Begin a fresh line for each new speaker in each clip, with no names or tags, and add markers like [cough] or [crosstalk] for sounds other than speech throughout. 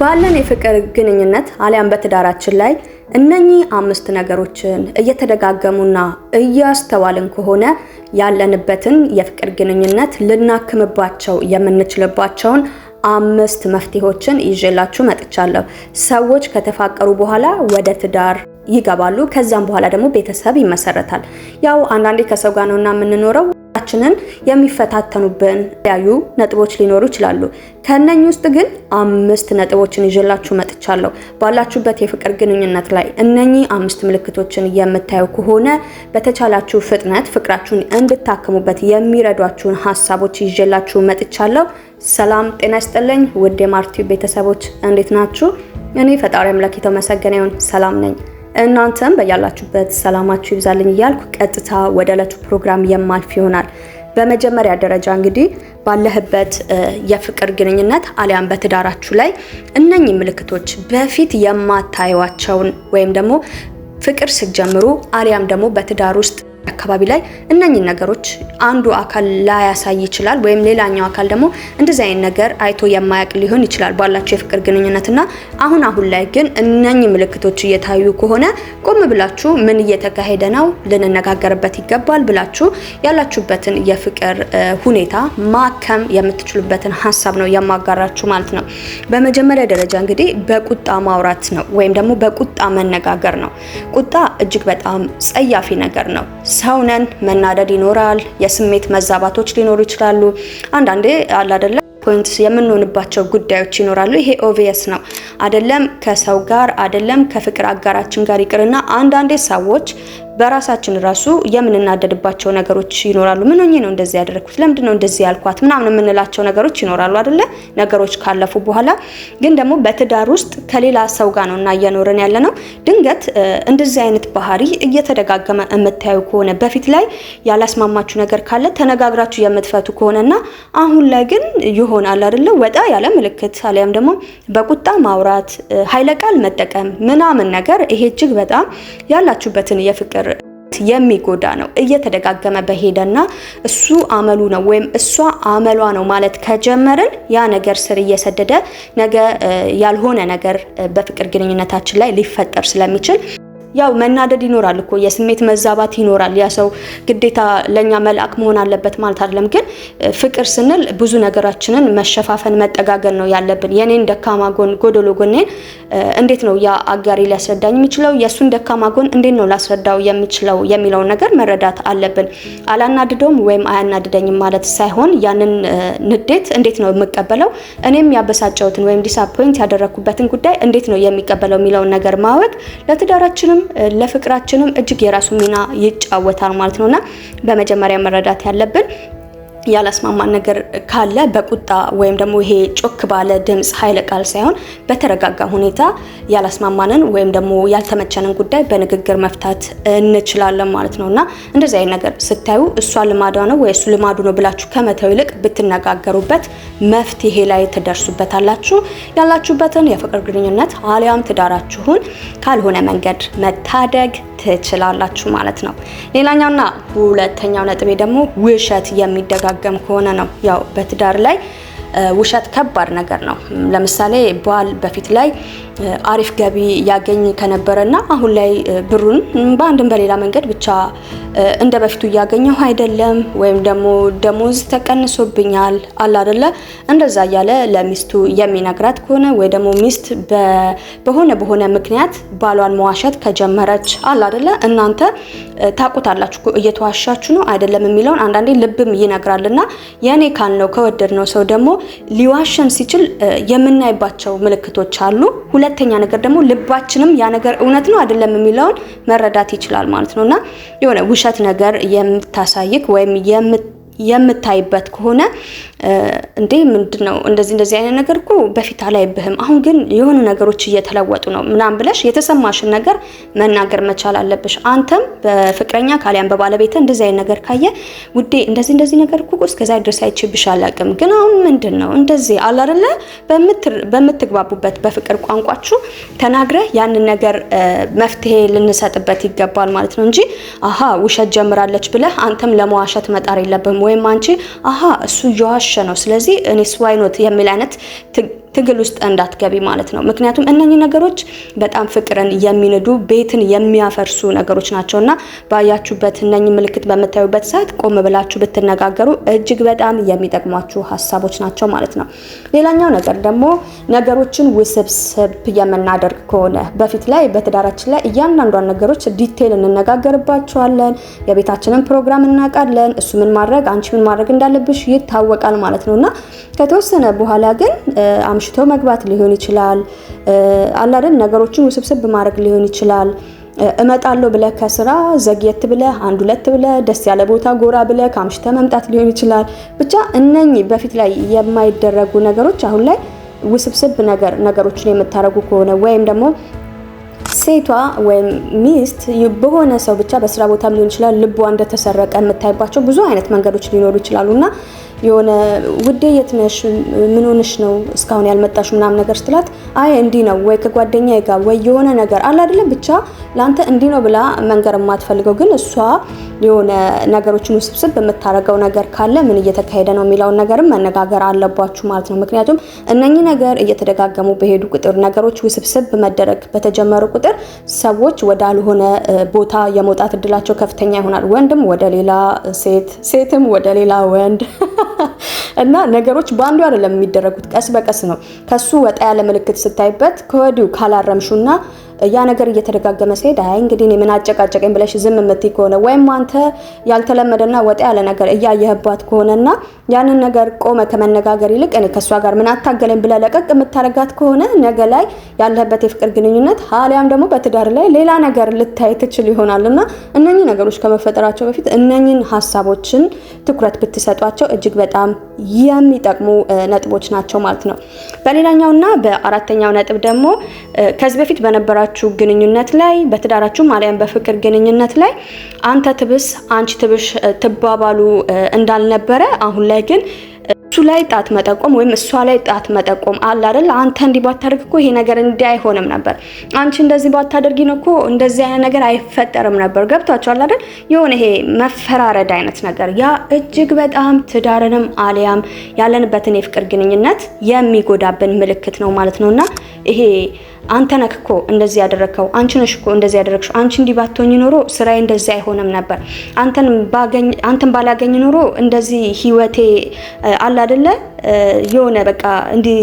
ባለን የፍቅር ግንኙነት አሊያም በትዳራችን ላይ እነኚህ አምስት ነገሮችን እየተደጋገሙና እያስተዋልን ከሆነ ያለንበትን የፍቅር ግንኙነት ልናክምባቸው የምንችልባቸውን አምስት መፍትሄዎችን ይዤላችሁ መጥቻለሁ። ሰዎች ከተፋቀሩ በኋላ ወደ ትዳር ይገባሉ። ከዛም በኋላ ደግሞ ቤተሰብ ይመሰረታል። ያው አንዳንዴ ከሰው ጋር ነውና የምንኖረው ራሳችንን የሚፈታተኑብን የተለያዩ ነጥቦች ሊኖሩ ይችላሉ። ከእነኚህ ውስጥ ግን አምስት ነጥቦችን ይዤላችሁ መጥቻለሁ። ባላችሁበት የፍቅር ግንኙነት ላይ እነኚህ አምስት ምልክቶችን የምታዩ ከሆነ በተቻላችሁ ፍጥነት ፍቅራችሁን እንድታክሙበት የሚረዷችሁን ሀሳቦች ይዤላችሁ መጥቻለሁ። ሰላም ጤና ይስጥልኝ ውድ የማርቲ ቤተሰቦች እንዴት ናችሁ? እኔ ፈጣሪ አምላክ የተመሰገነ ይሁን ሰላም ነኝ። እናንተም በያላችሁበት ሰላማችሁ ይብዛልኝ እያልኩ ቀጥታ ወደ ዕለቱ ፕሮግራም የማልፍ ይሆናል። በመጀመሪያ ደረጃ እንግዲህ ባለህበት የፍቅር ግንኙነት አሊያም በትዳራችሁ ላይ እነኚህ ምልክቶች በፊት የማታዩዋቸውን ወይም ደግሞ ፍቅር ስትጀምሩ አሊያም ደግሞ በትዳር ውስጥ አካባቢ ላይ እነኚህ ነገሮች አንዱ አካል ላያሳይ ይችላል፣ ወይም ሌላኛው አካል ደግሞ እንደዚህ አይነት ነገር አይቶ የማያውቅ ሊሆን ይችላል ባላቸው የፍቅር ግንኙነትና አሁን አሁን ላይ ግን እነኝህ ምልክቶች እየታዩ ከሆነ ቆም ብላችሁ ምን እየተካሄደ ነው ልንነጋገርበት ይገባል ብላችሁ ያላችሁበትን የፍቅር ሁኔታ ማከም የምትችሉበትን ሀሳብ ነው የማጋራችሁ ማለት ነው። በመጀመሪያ ደረጃ እንግዲህ በቁጣ ማውራት ነው ወይም ደግሞ በቁጣ መነጋገር ነው። ቁጣ እጅግ በጣም ጸያፊ ነገር ነው። ሰውነን መናደድ ይኖራል። የስሜት መዛባቶች ሊኖሩ ይችላሉ። አንዳንዴ አለ ፖይንት የምንሆንባቸው ጉዳዮች ይኖራሉ። ይሄ ኦቪየስ ነው አይደለም ከሰው ጋር አይደለም ከፍቅር አጋራችን ጋር ይቅርና አንዳንዴ ሰዎች በራሳችን ራሱ የምንናደድባቸው ነገሮች ይኖራሉ። ምን ሆኜ ነው እንደዚህ ያደረኩት? ለምንድን ነው እንደዚህ ያልኳት? ምናምን የምንላቸው ነገሮች ይኖራሉ አይደለ? ነገሮች ካለፉ በኋላ ግን ደግሞ በትዳር ውስጥ ከሌላ ሰው ጋር ነው እና እየኖርን ያለ ነው። ድንገት እንደዚህ አይነት ባህሪ እየተደጋገመ የምታዩ ከሆነ በፊት ላይ ያላስማማችሁ ነገር ካለ ተነጋግራችሁ የምትፈቱ ከሆነና አሁን ላይ ግን ይሆናል አይደለ? ወጣ ያለ ምልክት አሊያም ደግሞ በቁጣ ማውራት፣ ኃይለ ቃል መጠቀም ምናምን ነገር ይሄ እጅግ በጣም ያላችሁበትን የፍቅር የሚጎዳ ነው። እየተደጋገመ በሄደና እሱ አመሉ ነው ወይም እሷ አመሏ ነው ማለት ከጀመርን ያ ነገር ስር እየሰደደ ነገ ያልሆነ ነገር በፍቅር ግንኙነታችን ላይ ሊፈጠር ስለሚችል ያው መናደድ ይኖራል እኮ የስሜት መዛባት ይኖራል። ያ ሰው ግዴታ ለኛ መልአክ መሆን አለበት ማለት አይደለም። ግን ፍቅር ስንል ብዙ ነገራችንን መሸፋፈን፣ መጠጋገን ነው ያለብን። የኔን ደካማ ጎን፣ ጎደሎ ጎኔን እንዴት ነው ያ አጋሪ ሊያስረዳኝ የሚችለው? የሱን ደካማ ጎን እንዴት ነው ላስረዳው የሚችለው የሚለውን ነገር መረዳት አለብን። አላናድደውም ወይም አያናድደኝም ማለት ሳይሆን ያንን ንዴት እንዴት ነው የምቀበለው፣ እኔም ያበሳጨሁትን ወይም ዲስአፖይንት ያደረኩበትን ጉዳይ እንዴት ነው የሚቀበለው የሚለውን ነገር ማወቅ ለትዳራችንም ለፍቅራችንም ለፍቅራችንም እጅግ የራሱ ሚና ይጫወታል ማለት ነውና በመጀመሪያ መረዳት ያለብን ያላስማማን ነገር ካለ በቁጣ ወይም ደግሞ ይሄ ጮክ ባለ ድምፅ ኃይለ ቃል ሳይሆን በተረጋጋ ሁኔታ ያላስማማንን ወይም ደግሞ ያልተመቸንን ጉዳይ በንግግር መፍታት እንችላለን ማለት ነው እና እንደዚህ አይነት ነገር ስታዩ እሷ ልማዷ ነው ወይ እሱ ልማዱ ነው ብላችሁ ከመተው ይልቅ ብትነጋገሩበት መፍትሄ ላይ ትደርሱበታላችሁ። ያላችሁበትን የፍቅር ግንኙነት አሊያም ትዳራችሁን ካልሆነ መንገድ መታደግ ትችላላችሁ ማለት ነው። ሌላኛውና ሁለተኛው ነጥቤ ደግሞ ውሸት የሚደጋገም ከሆነ ነው። ያው በትዳር ላይ ውሸት ከባድ ነገር ነው። ለምሳሌ ባል በፊት ላይ አሪፍ ገቢ ያገኝ ከነበረና አሁን ላይ ብሩን በአንድም በሌላ መንገድ ብቻ እንደ በፊቱ እያገኘሁ አይደለም፣ ወይም ደግሞ ደሞዝ ተቀንሶብኛል አለ እንደዛ እያለ ለሚስቱ የሚነግራት ከሆነ ወይ ደግሞ ሚስት በሆነ በሆነ ምክንያት ባሏን መዋሸት ከጀመረች አለ አይደለ፣ እናንተ ታቁታላችሁ እየተዋሻችሁ ነው አይደለም የሚለውን አንዳንዴ ልብም ይነግራልና የኔ ካልነው ከወደድነው ሰው ደግሞ ሊዋሸን ሲችል የምናይባቸው ምልክቶች አሉ። ሁለተኛ ነገር ደግሞ ልባችንም ያ ነገር እውነት ነው አይደለም የሚለውን መረዳት ይችላል ማለት ነው እና የሆነ ውሸት ነገር የምታሳይክ ወይም የምታይበት ከሆነ እንዴ ምንድን ነው እንደዚህ እንደዚህ አይነት ነገር እኮ በፊት አላይብህም፣ አሁን ግን የሆኑ ነገሮች እየተለወጡ ነው ምናምን ብለሽ የተሰማሽን ነገር መናገር መቻል አለብሽ። አንተም በፍቅረኛ ካሊያን በባለቤተ እንደዚህ አይነት ነገር ካየ ውዴ እንደዚህ እንደዚህ ነገር እኮ እስከዛ ድረስ አይችብሽ አላቅም፣ ግን አሁን ምንድን ነው እንደዚህ አለ በምትግባቡበት በፍቅር ቋንቋችሁ ተናግረ ያንን ነገር መፍትሄ ልንሰጥበት ይገባል ማለት ነው እንጂ አሀ ውሸት ጀምራለች ብለህ አንተም ለመዋሸት መጣር የለብህም። ወይም አንቺ አሀ እሱ እየዋሸ ነው ስለዚህ እኔ ስዋይኖት የሚል አይነት ትግል ውስጥ እንዳትገቢ ማለት ነው። ምክንያቱም እነኚህ ነገሮች በጣም ፍቅርን የሚንዱ ቤትን የሚያፈርሱ ነገሮች እና ባያችሁበት እነኚህ ምልክት በምታዩበት ሰዓት ቆም ብላችሁ ብትነጋገሩ እጅግ በጣም የሚጠቅሟችሁ ሀሳቦች ናቸው ማለት ነው። ሌላኛው ነገር ደግሞ ነገሮችን ውስብስብ የምናደርግ ከሆነ በፊት ላይ በትዳራችን ላይ እያንዳንዷን ነገሮች ዲቴል እንነጋገርባቸዋለን። የቤታችንን ፕሮግራም እናውቃለን። እሱ ምን ማድረግ አንቺ ምን ማድረግ እንዳለብሽ ይታወቃል ማለት እና ከተወሰነ በኋላ ግን አምሽቶ መግባት ሊሆን ይችላል። አላደን ነገሮችን ውስብስብ ማድረግ ሊሆን ይችላል። እመጣለሁ ብለህ ከስራ ዘግየት ብለህ አንድ ሁለት ብለህ ደስ ያለ ቦታ ጎራ ብለህ ከአምሽተ መምጣት ሊሆን ይችላል። ብቻ እነኚህ በፊት ላይ የማይደረጉ ነገሮች አሁን ላይ ውስብስብ ነገር ነገሮችን የምታደርጉ ከሆነ ወይም ደግሞ ሴቷ ወይም ሚስት በሆነ ሰው ብቻ በስራ ቦታም ሊሆን ይችላል ልቧ እንደተሰረቀ የምታይባቸው ብዙ አይነት መንገዶች ሊኖሩ ይችላሉ እና የሆነ ውዴ የት ነሽ? ምን ሆነሽ ነው እስካሁን ያልመጣሽ? ምናምን ነገር ስትላት አይ እንዲህ ነው ወይ ከጓደኛ ጋር ወይ የሆነ ነገር አለ አይደለም ብቻ ለአንተ እንዲህ ነው ብላ መንገር የማትፈልገው ግን እሷ የሆነ ነገሮችን ውስብስብ የምታደርገው ነገር ካለ ምን እየተካሄደ ነው የሚለውን ነገርም መነጋገር አለባችሁ ማለት ነው። ምክንያቱም እነኚህ ነገር እየተደጋገሙ በሄዱ ቁጥር ነገሮች ውስብስብ መደረግ በተጀመሩ ቁጥር ሰዎች ወዳልሆነ ቦታ የመውጣት እድላቸው ከፍተኛ ይሆናል። ወንድም ወደ ሌላ ሴት፣ ሴትም ወደ ሌላ ወንድ [laughs] እና ነገሮች በአንዱ አይደለም የሚደረጉት፣ ቀስ በቀስ ነው። ከሱ ወጣ ያለ ምልክት ስታይበት ከወዲሁ ካላረምሹና ያ ነገር እየተደጋገመ ሲሄድ አይ እንግዲህ እኔ ምን አጨቃጨቀኝ ብለሽ ዝም የምትይ ከሆነ ወይም አንተ ያልተለመደና ወጣ ያለ ነገር እያየህባት ከሆነና ያንን ነገር ቆመ ከመነጋገር ይልቅ እኔ ከእሷ ጋር ምን አታገለኝ ብለህ ለቀቅ የምታረጋት ከሆነ ነገ ላይ ያለህበት የፍቅር ግንኙነት አሊያም ደግሞ በትዳር ላይ ሌላ ነገር ልታይ ትችል ይሆናል እና እነኚህ ነገሮች ከመፈጠራቸው በፊት እነኚህን ሀሳቦችን ትኩረት ብትሰጧቸው እጅግ በጣም የሚጠቅሙ ነጥቦች ናቸው ማለት ነው። በሌላኛውና በአራተኛው ነጥብ ደግሞ ከዚህ በፊት በነበራችሁ ግንኙነት ላይ በትዳራችሁ አሊያም በፍቅር ግንኙነት ላይ አንተ ትብስ አንቺ ትብሽ ትባባሉ እንዳልነበረ አሁን ላይ ግን እሱ ላይ ጣት መጠቆም ወይም እሷ ላይ ጣት መጠቆም አለ አይደል? አንተ እንዲህ ባታደርግ እኮ ይሄ ነገር እንዲህ አይሆንም ነበር። አንቺ እንደዚህ ባታደርጊ ነው እኮ እንደዚህ አይነት ነገር አይፈጠርም ነበር። ገብቷቸዋል አይደል? የሆነ ይሄ መፈራረድ አይነት ነገር ያ እጅግ በጣም ትዳርንም አሊያም ያለንበትን የፍቅር ግንኙነት የሚጎዳብን ምልክት ነው ማለት ነውና ይሄ አንተ ነክኮ እኮ እንደዚህ ያደረግከው፣ አንቺ ነሽ እኮ እንደዚህ ያደረግሽው፣ አንቺ እንዲህ ባትሆኝ ኖሮ ስራዬ እንደዚህ አይሆንም ነበር፣ አንተን ባላገኝ ኖሮ እንደዚህ ህይወቴ አለ አይደለ የሆነ በቃ እንዲህ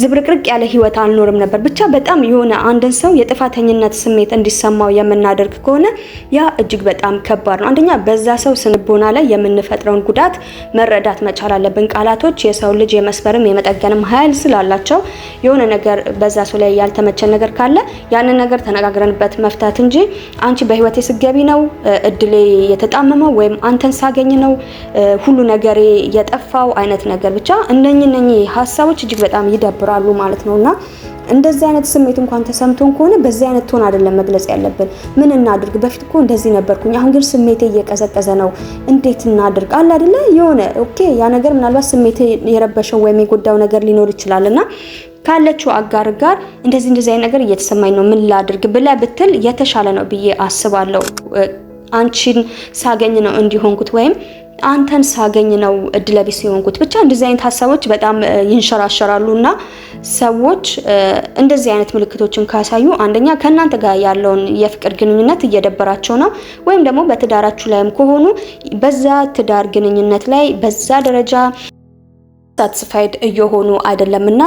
ዝብርቅርቅ ያለ ህይወት አልኖርም ነበር። ብቻ በጣም የሆነ አንድን ሰው የጥፋተኝነት ስሜት እንዲሰማው የምናደርግ ከሆነ ያ እጅግ በጣም ከባድ ነው። አንደኛ በዛ ሰው ስንቦና ላይ የምንፈጥረውን ጉዳት መረዳት መቻል አለብን። ቃላቶች የሰው ልጅ የመስበርም የመጠገንም ኃይል ስላላቸው የሆነ ነገር በዛ ሰው ላይ ያልተ ያልተመቸን ነገር ካለ ያንን ነገር ተነጋግረንበት መፍታት እንጂ አንቺ በህይወቴ ስገቢ ነው እድሌ የተጣመመው ወይም አንተን ሳገኝ ነው ሁሉ ነገሬ የጠፋው አይነት ነገር ብቻ እነኚህ እነኚህ ሀሳቦች እጅግ በጣም ይደብራሉ ማለት ነውና እንደዚህ አይነት ስሜት እንኳን ተሰምቶን ከሆነ በዚህ አይነት ቶን አይደለም መግለጽ ያለብን። ምን እናድርግ? በፊት እኮ እንደዚህ ነበርኩኝ፣ አሁን ግን ስሜቴ እየቀዘቀዘ ነው፣ እንዴት እናድርግ? አለ አይደለ የሆነ ኦኬ፣ ያ ነገር ምናልባት ስሜቴ የረበሸው ወይም የጎዳው ነገር ሊኖር ይችላል እና ካለችው አጋር ጋር እንደዚህ እንደዚህ አይነት ነገር እየተሰማኝ ነው፣ ምን ላድርግ ብለ ብትል የተሻለ ነው ብዬ አስባለሁ። አንቺን ሳገኝ ነው እንዲሆንኩት ወይም አንተን ሳገኝ ነው እድለቢስ የሆንኩት። ብቻ እንደዚህ አይነት ሀሳቦች በጣም ይንሸራሸራሉ እና ሰዎች እንደዚህ አይነት ምልክቶችን ካሳዩ አንደኛ ከእናንተ ጋር ያለውን የፍቅር ግንኙነት እየደበራቸው ነው፣ ወይም ደግሞ በትዳራችሁ ላይም ከሆኑ በዛ ትዳር ግንኙነት ላይ በዛ ደረጃ ሳትስፋይድ እየሆኑ አይደለም እና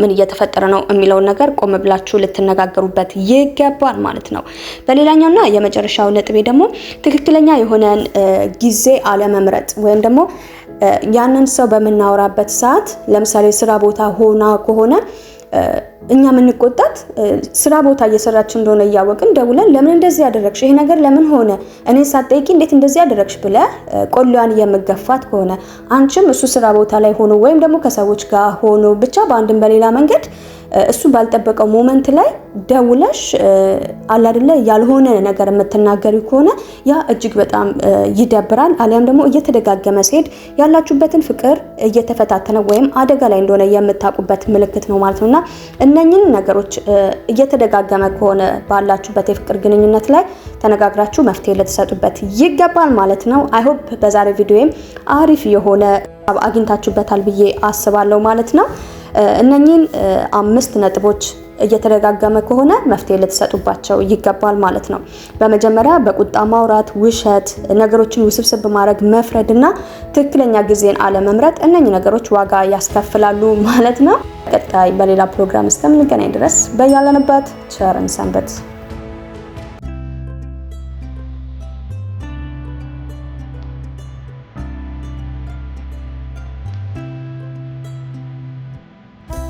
ምን እየተፈጠረ ነው የሚለውን ነገር ቆም ብላችሁ ልትነጋገሩበት ይገባል ማለት ነው። በሌላኛውና የመጨረሻው ነጥቤ ደግሞ ትክክለኛ የሆነን ጊዜ አለመምረጥ ወይም ደግሞ ያንን ሰው በምናወራበት ሰዓት ለምሳሌ ስራ ቦታ ሆና ከሆነ እኛ የምንቆጣት ስራ ቦታ እየሰራች እንደሆነ እያወቅን ደውለን ለምን እንደዚህ ያደረግሽ፣ ይሄ ነገር ለምን ሆነ፣ እኔ ሳትጠይቂ እንዴት እንደዚህ ያደረግሽ ብለ ቆሎዋን የምገፋት ከሆነ አንቺም እሱ ስራ ቦታ ላይ ሆኖ ወይም ደግሞ ከሰዎች ጋር ሆኖ ብቻ በአንድም በሌላ መንገድ እሱ ባልጠበቀው ሞመንት ላይ ደውለሽ አላደለ ያልሆነ ነገር የምትናገሪ ከሆነ ያ እጅግ በጣም ይደብራል። አሊያም ደግሞ እየተደጋገመ ሲሄድ ያላችሁበትን ፍቅር እየተፈታተነ ወይም አደጋ ላይ እንደሆነ የምታውቁበት ምልክት ነው ማለት ነውእና እነኝን ነገሮች እየተደጋገመ ከሆነ ባላችሁበት የፍቅር ግንኙነት ላይ ተነጋግራችሁ መፍትሄ ልትሰጡበት ይገባል ማለት ነው። አይሆፕ በዛሬ ቪዲዮም አሪፍ የሆነ አግኝታችሁበታል ብዬ አስባለሁ ማለት ነው። እነኚህን አምስት ነጥቦች እየተደጋገመ ከሆነ መፍትሄ ልትሰጡባቸው ይገባል ማለት ነው። በመጀመሪያ በቁጣ ማውራት፣ ውሸት፣ ነገሮችን ውስብስብ ማድረግ፣ መፍረድ እና ትክክለኛ ጊዜን አለመምረጥ እነኚህ ነገሮች ዋጋ ያስከፍላሉ ማለት ነው። ቀጣይ በሌላ ፕሮግራም እስከምንገናኝ ድረስ በያለንበት ቸርን ሰንበት።